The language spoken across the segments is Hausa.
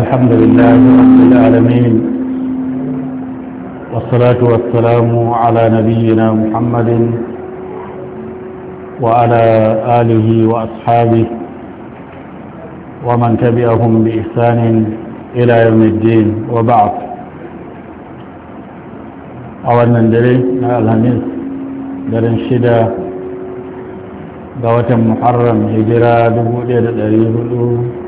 الحمد لله رب العالمين والصلاة والسلام على نبينا محمد وعلى آله وأصحابه ومن تبعهم بإحسان إلى يوم الدين وبعض أولا دري الهميس درن شدة دوة محرم هجرة دبو ليلة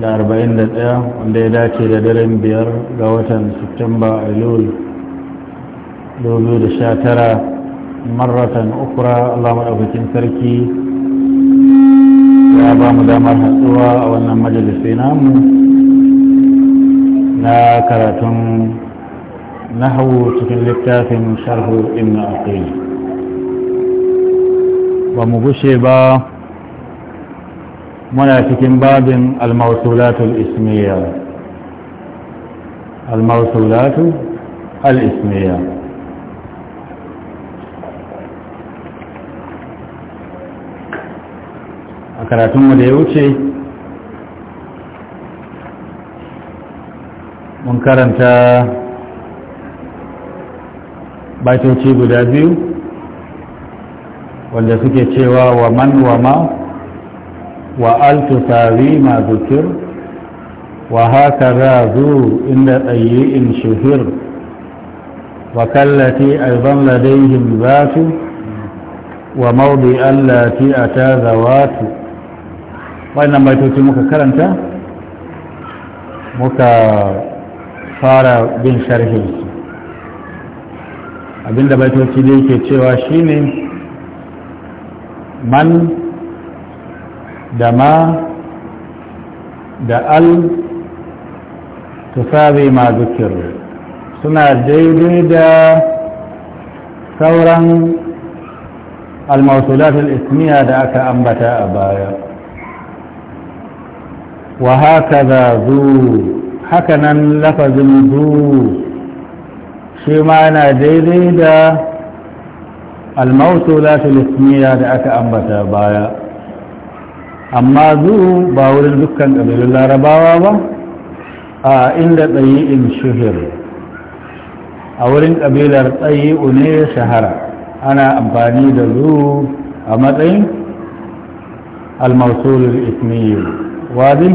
da arba'in da ɗaya wanda ya dace da daren biyar ga watan Septemba Ailul 2019 maratan ukura Allah maɗaukakin sarki ya ba mu damar hatsuwa a wannan majalisai namu na karatun nahawu cikin littafin sharhu ibn aqil ba mu gushe ba muna cikin babin almausulatul ismiya almausulatul ismiya a karatunmu da ya wuce mun karanta baitoci guda biyu wanda suke cewa wa man wa ma وأل تساوي ما ذكر وهكذا ذو إن طيء شهر وكالتي أيضا لديهم ذات وموضع التي أتى ذوات وإنما يتوتي مكرمتا مكفار بن شرهيس abinda baitoci da yake cewa shine man Dama da al tusabi ma zukiru suna daidai da sauran almasulatul ismiya da aka ambata a baya wa haka za zu haka nan lafazin zu na daidai da almasulatul ismiya da aka ambata baya amma zu ba wurin dukkan ƙabilun larabawa ba a inda tsayi in shuhir a wurin ƙabilar tsayi ne shahara ana amfani da zu a matsayin almasulul ismiyu wadi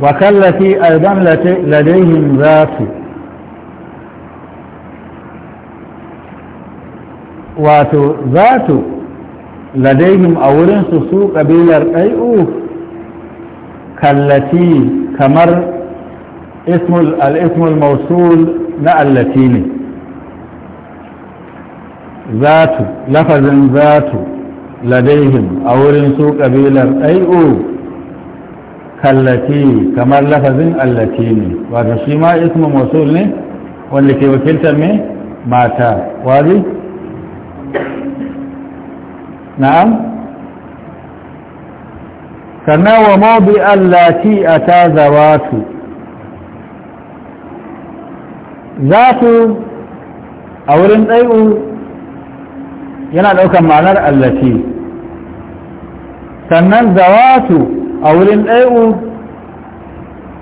wakallati aidan ladayhim zatu wato zatu ladaihim a wurinsu su ƙabilar ɗai'u kallati kamar al'ismul mausul na allati ne zatu lafazin zatu ladaihim a wurin su ƙabilar ɗai'u kallati kamar lafazin allati ne wata shi ma ismul mausul ne wanda ke wakiltar ne mata wari na'am sannan wa mawdi allati ata zawatu zatu a wurin ɗai'u yana ɗaukar ma'anar allati sannan zawatu a wurin ɗai'u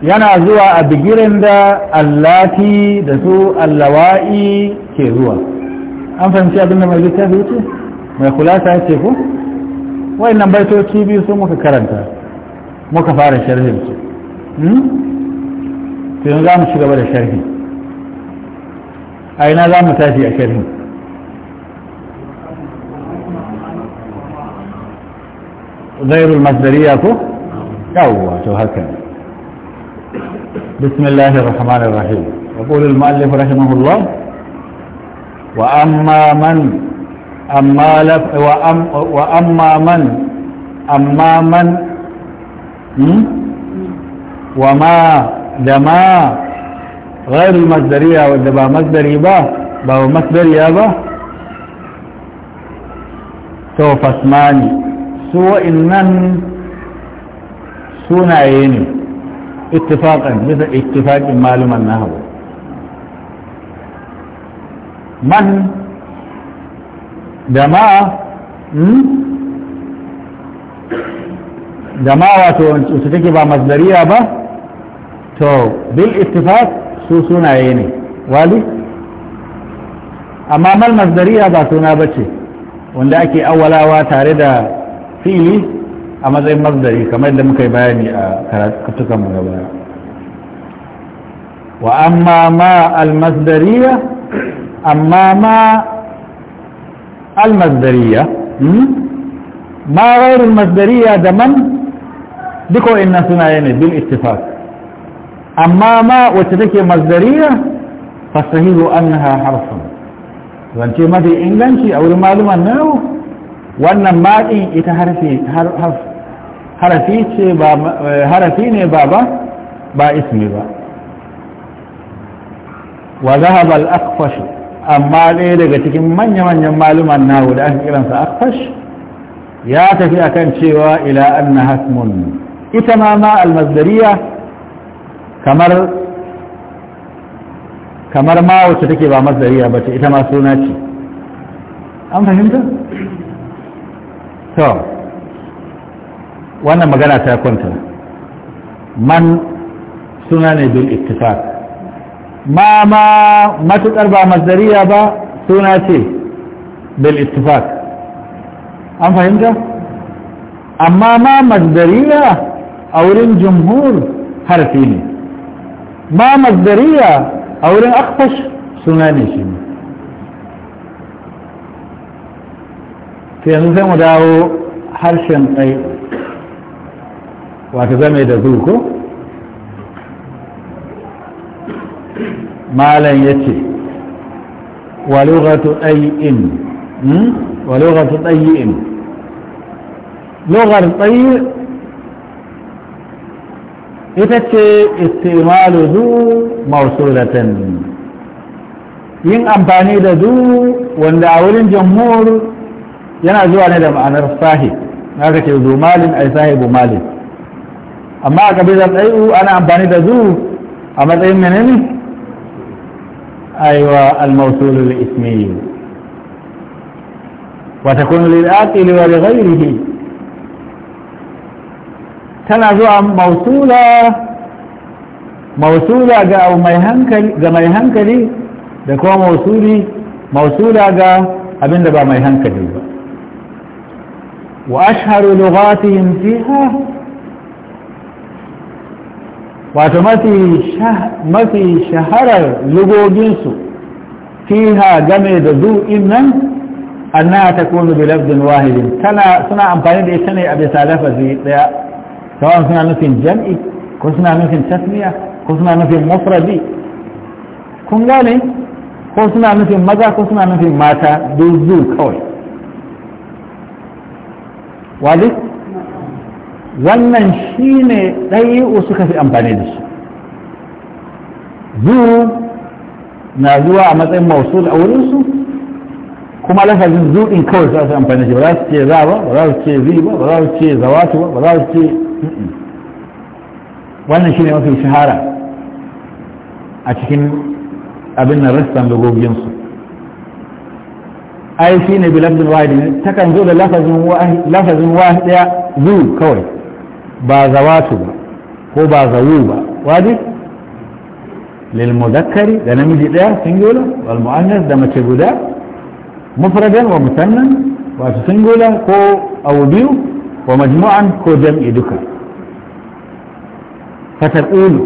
yana zuwa a bigirin da allati da su allawa'i ke zuwa an fahimci abin da mai littafi ce? mai kulasa ya ce ku wayannan baitoci biyu su muka karanta muka fara sharhin su to yanzu mu shiga gaba da sharhi a ina za mu tafi a sharhi غير المصدريه ko yawwa تو haka بسم الله الرحمن الرحيم يقول المؤلف رحمه الله وأما من أما لف وأم وأما من أما من وما لما غير المصدرية والدبا مصدرية با با مصدرية با تو فاسماني سوى إنن سونعيني اتفاقا مثل اتفاق معلوم النهو من da hmm? ma wato su take ba masdariya ba to bil ittifaq su sunaye ne wali amma mal masdariya ba suna bace wanda ake awalawa tare da fili a matsayin masdari kamar da muka yi bayani a karatukan mu gaba wa amma ma al masdariya amma ma المصدرية ما غير المصدرية دمن من بكو إنا سنعيني بالاتفاق أما ما وتلك مصدرية فصحيح أنها حرف وانتي ما دي إنجانشي أو المعلومة نو وأن ما دي إتحرفي حرف حرفي حرفيني بابا با اسمي با وذهب الأقفش amma ɗaya daga cikin manya-manyan maluman na da aka kiransa akfash ya tafi akan cewa ila anna hasmun ita ma ma almazdariya kamar kamar ma wacce take ba mazdariya ba ce ita ma suna ce an fahimta? to wannan magana ta kwanta man suna ne bil ittifaq ما ما ما تتربع مصدرية با ثناتي بالاتفاق أم فهمت أما ما مصدرية أولين جمهور حرفيني ما مصدرية أولين أقفش ثناني شيني فين زمو داو حرشن أي واتزمي دا ذوكو malam ya ce walugatu ɗayi'in hmm? lugar tsayi ita ce istimalu zu mausulatan yin amfani da zu wanda a wurin jamhur yana zuwa ne da ma'anar sahi na kake zu malin ai sahibu malin amma a kabilar ɗai'u ana amfani da zu a matsayin menene أيوة الموصول الإسمي وتكون للآقل ولغيره تنازع موصولة موصولة أو مي هنكلي لكو موصولي موصولة أبن لبا مي هنكلي وأشهر لغاتهم فيها wato mafi shaharar lugoginsu fiha game da zu'in nan anna ta kunu bi wahidin suna amfani da ita ne a bisa lafazi daya kawai suna nufin jam'i ko suna nufin tasmiya ko suna nufin mufradi kun gane ko suna nufin maza ko suna nufin mata duk zu kawai wajib wannan shi ne ɗayi'u suka fi amfani da shi zu na zuwa a matsayin mausu a wurinsu kuma lafazin zuɗin kawai za su amfani da shi ba za su ce za ba ba za su ce zi ba ba za su ce zawatu ba ba za su ce wannan shi ne mafi shahara a cikin abin nan rassan lugoginsu ai shi ne bilabdin wahidi takan zo da lafazin wahidi ɗaya zu kawai ba zawatu ba ko ba zawu ba wadi lil muzakkari da namiji daya singular wal mu'annas da mace guda mufradan wa musannan wa singular ko aw biyu wa majmu'an ko jam'i duka fataqulu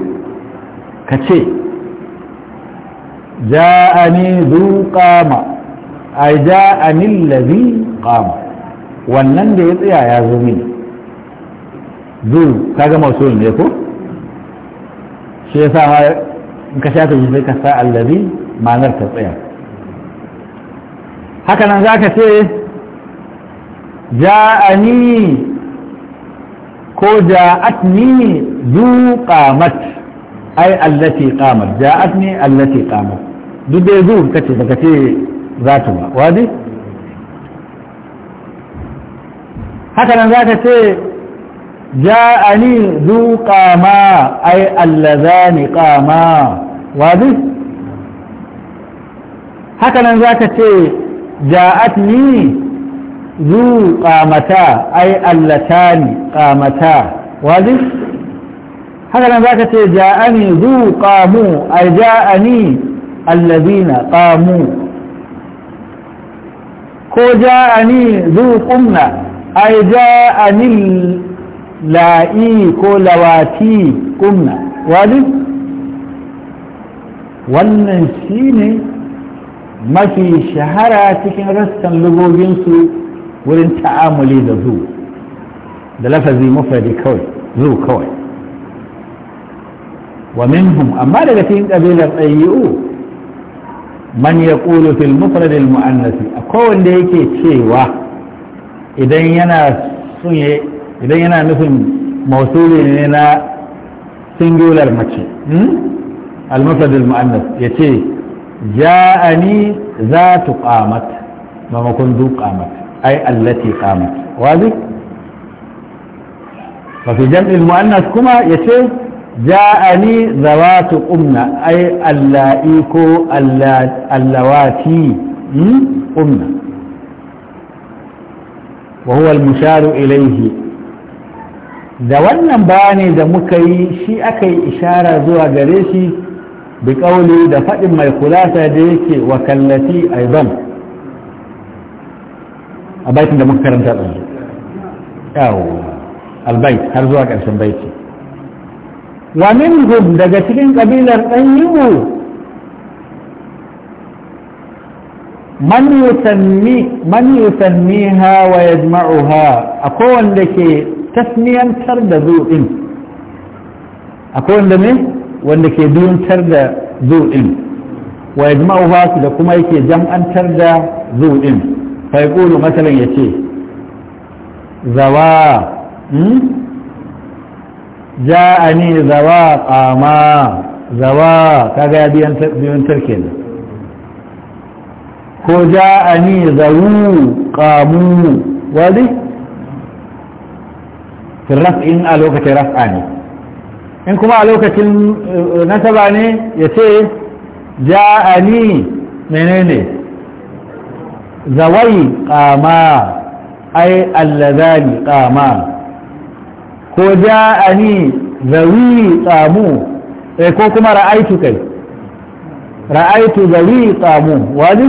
kace ja'ani dhu qama ai ja'ani allazi qama wannan da ya tsaya ya zo mini zu kaga mausul ne ko shi sa ma in ka shafe shi sai ka sa allazi ma'anar ta tsaya haka nan za ka ce ja'ani ko ja'atni zu qamat ai allati qamat ja'atni allati qamat duk da zu ce baka ce za ta ba wadi haka nan za ka ce ja'ani zu qama ay allazani qama wadi haka nan zaka ce ja'atni zu qamata ay allatani qamata wadi haka nan zaka ce ja'ani zu qamu ay ja'ani allazina qamu ko ja'ani zu qumna ay ja'anil la'i ko lawati kumna wali wannan shi ne mafi shahara cikin rassan lugoginsu wurin ta'amuli da zu da lafazi mufadi kawai zu kawai wa minhum amma daga cikin ƙabilar ɗayi'u man ya ƙulu fil mufradil mu'annasi a kowanne yake cewa idan yana sun idan yana nufin mausuli ne na singular mace hmm? almufradul mu'annas ce, ja'ani za tu qamat mamakon du qamat ai allati qamat wazi fa fi jam'i almu'annas kuma yace ja'ani zawatu umna ai allai ko allawati umna وهو المشار إليه da wannan bayani da muka yi shi aka yi ishara zuwa gare shi bi ƙauli da faɗin mai kulasa da yake wa kallati aiban a baitin da muka karanta ɗan yawo albait har zuwa ƙarshen baiti wa hum daga cikin ƙabilar ɗan yiwu man yusanniha wa yajma'uha a kowanne da ke Tasmiyantar da zuɗin, akwai wanda ne wanda ke duyantar da zu din wa yajma'uha da kuma yake jam'antar da zuɗin. din fa yaqulu masalan yace zawa hmm? ja'ani zawa qama zawa kaga ya ke kenan ko ja'ani zawu qamu wadi in a lokacin raf'a ne in kuma a lokacin eh, nasaba ne ya ce ja'ani menene zawai kama ai allazani kama ko ja'ani zawi kamu eh, ko kuma ra'aitu kai ra'aitu zawi kamu wani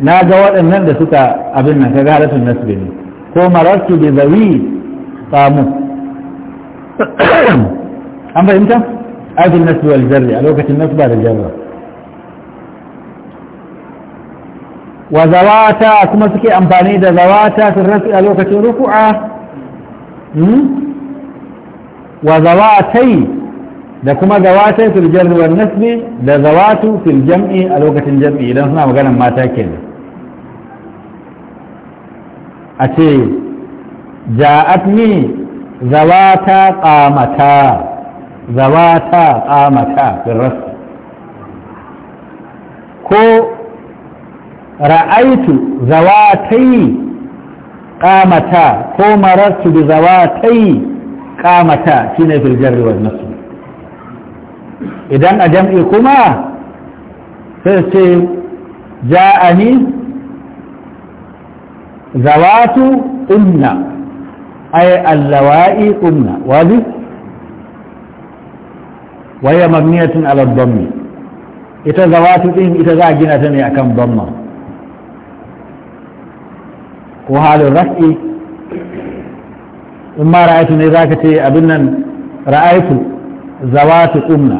na ga waɗannan da suka abin nan ka gara haratun nasbi ne ko marartu bi zawi samu an fahimta ajin nasu wal jarri a lokacin nasu ba da jarra wa zawata kuma suke amfani da zawata sun rasu a lokacin ruku'a hmm? wa zawatai da kuma zawatai fil jarri wal nasbi da zawatu fil jam'i a lokacin jam'i idan suna maganar mata kenan a ce ja'atni zawata qamata zawata qamata birras ko ra'aitu zawatai qamata ko marartu bi zawatai qamata shine fil jarri wal nasb idan a jam'i kuma sai ce ja'ani zawatu inna Ai Allah wa'ii umna wazi. Wai ya ma miyatar albam Ita zawatu fihin ita za gina ta ne akan bammam. Ku hali rasƙi. Umma Raha'i tun ne zaka ce abin nan, Raha'i tu zawatu umna,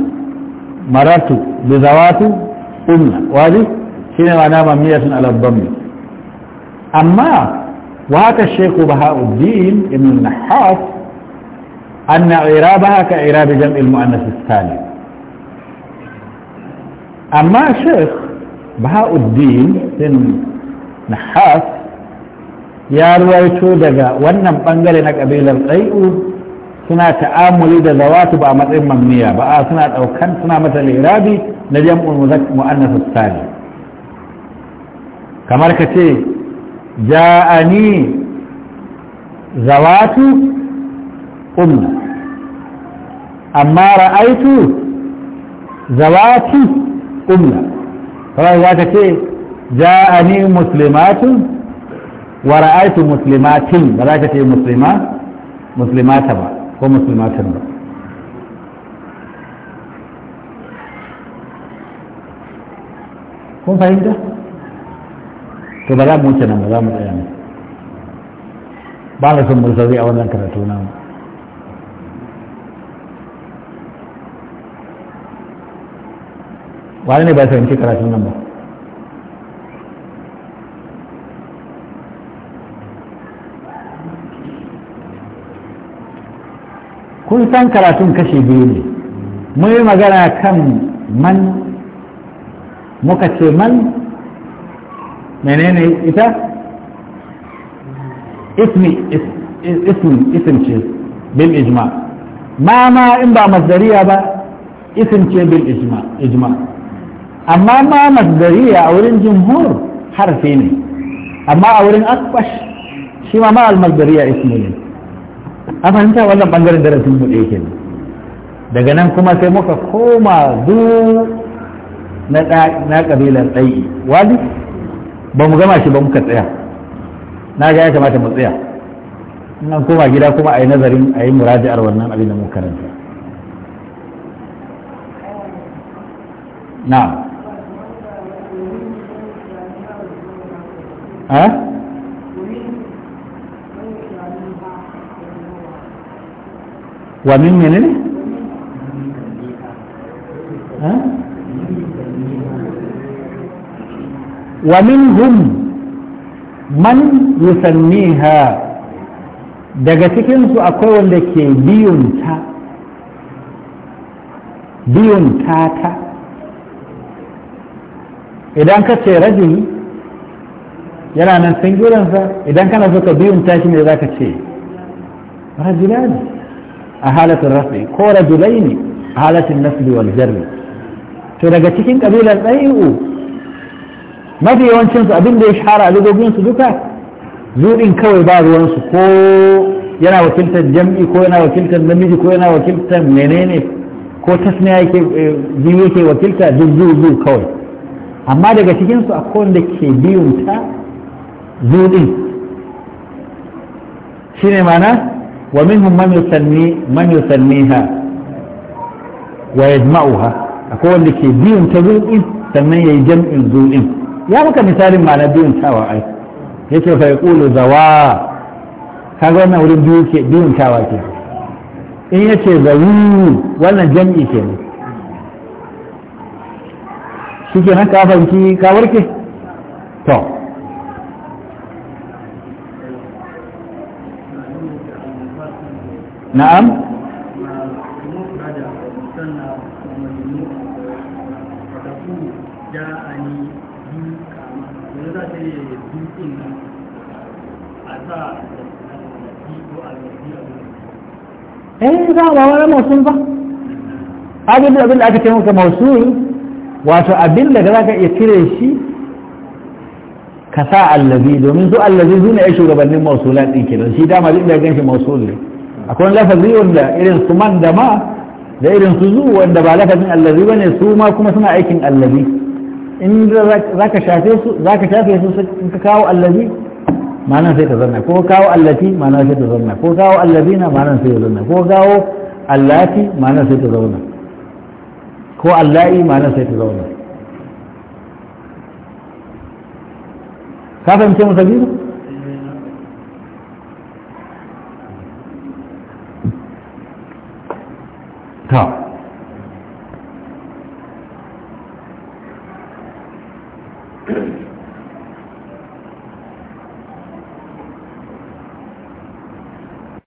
marar tu zawatu umna wazi. Sai nawa na ma miyatar albam amma. وهذا الشيخ بهاء الدين ابن النحاس أن إعرابها كإعراب جمع المؤنث الثاني أما الشيخ بهاء الدين بن النحاس يا رويتو دقا ونم بنجلنا قبيل القيء suna ta'amuli da zawatu ba a matsayin mamniya ba a suna daukan suna mata lirabi na jam'ul muannas sani kamar ka ja'ani zawatu umma amma ra'aitu zawati umma kawai za ce ja'ani muslimatun wa ra'aitu muslimatin ba za ce muslima ba kun fahimta to ba za mu wuce nan ba za mu tsaya ne ba na son mursauri a wannan karatu na mu wani ne ba yanki karatun nan ba kun san karatun kashe biyu ne mun yi magana kan man muka ce man menene ita ismi ismi isim ce bil ijma ma ma in ba masdariya ba isim ce bil ijma ijma amma ma masdariya a wurin jumhur harfi ne amma a wurin akwash shi ma ma al masdariya ismi ne a fahimta wannan bangaren darasin mu ɗaya kenan daga nan kuma sai muka koma zu na kabilar ɗai wali ba mu gama shi ba muka tsaya na ga ya kamata mu tsaya nan koma gida kuma a yi nazarin a yi muraji'ar wannan abin da mu karanta na wa min menene? ومنهم من يسميها daga cikinsu akwai wanda ke biyunta biyunta ta idan ka ce rajini yana nan singulansa idan kana so ka biyunta shi ne za ka ce rajulani a halatin rafi ko rajulai ne a halatin nasbi wal jarri to daga cikin ƙabilar ɗai'u mafi yawancinsu abin da ya shahara a lugoginsu duka zuɗin kawai ba ruwansu ko yana wakiltar jam'i ko yana wakiltar namiji ko yana wakiltar menene ko tasniya yake eh, biyu yake wakilta duk zuzu kawai amma daga cikinsu akwai wanda ke biyun ta zuɗin shine mana wa minhum man yusanni man yusanniha wa yajma'uha akwai wanda ke biyun ta zuɗin sannan yayi jam'in zuɗin ya maka misalin ma'ana biyun tawa ai ce kai kulu zawa kaga wannan wurin biyu ke biyun tawa ke in ce zawu wannan jam'i ke ne ke nan ka fanki kawar ke to na'am eh za ba wani mausul ba abin da abin da aka ce maka mausul wato abinda da za ka iya cire shi ka sa allazi domin su allazi su ne ya shugabannin mausulan ɗin kenan shi dama duk da gan shi mausul ne akwai lafazi wanda irin su man da ma da irin su zu wanda ba lafazin allazi ba ne su ma kuma suna aikin allazi in za ka shafe su za ka shafe su in ka kawo allazi ma'ana sai ta zanna ko kawo allati ma'ana sai ta zanna ko kawo allazina ma'ana sai ta zanna ko kawo allati ma'ana sai ta zauna ko allahi ma'ana sai ta zauna ka fahimce mu sabiru ta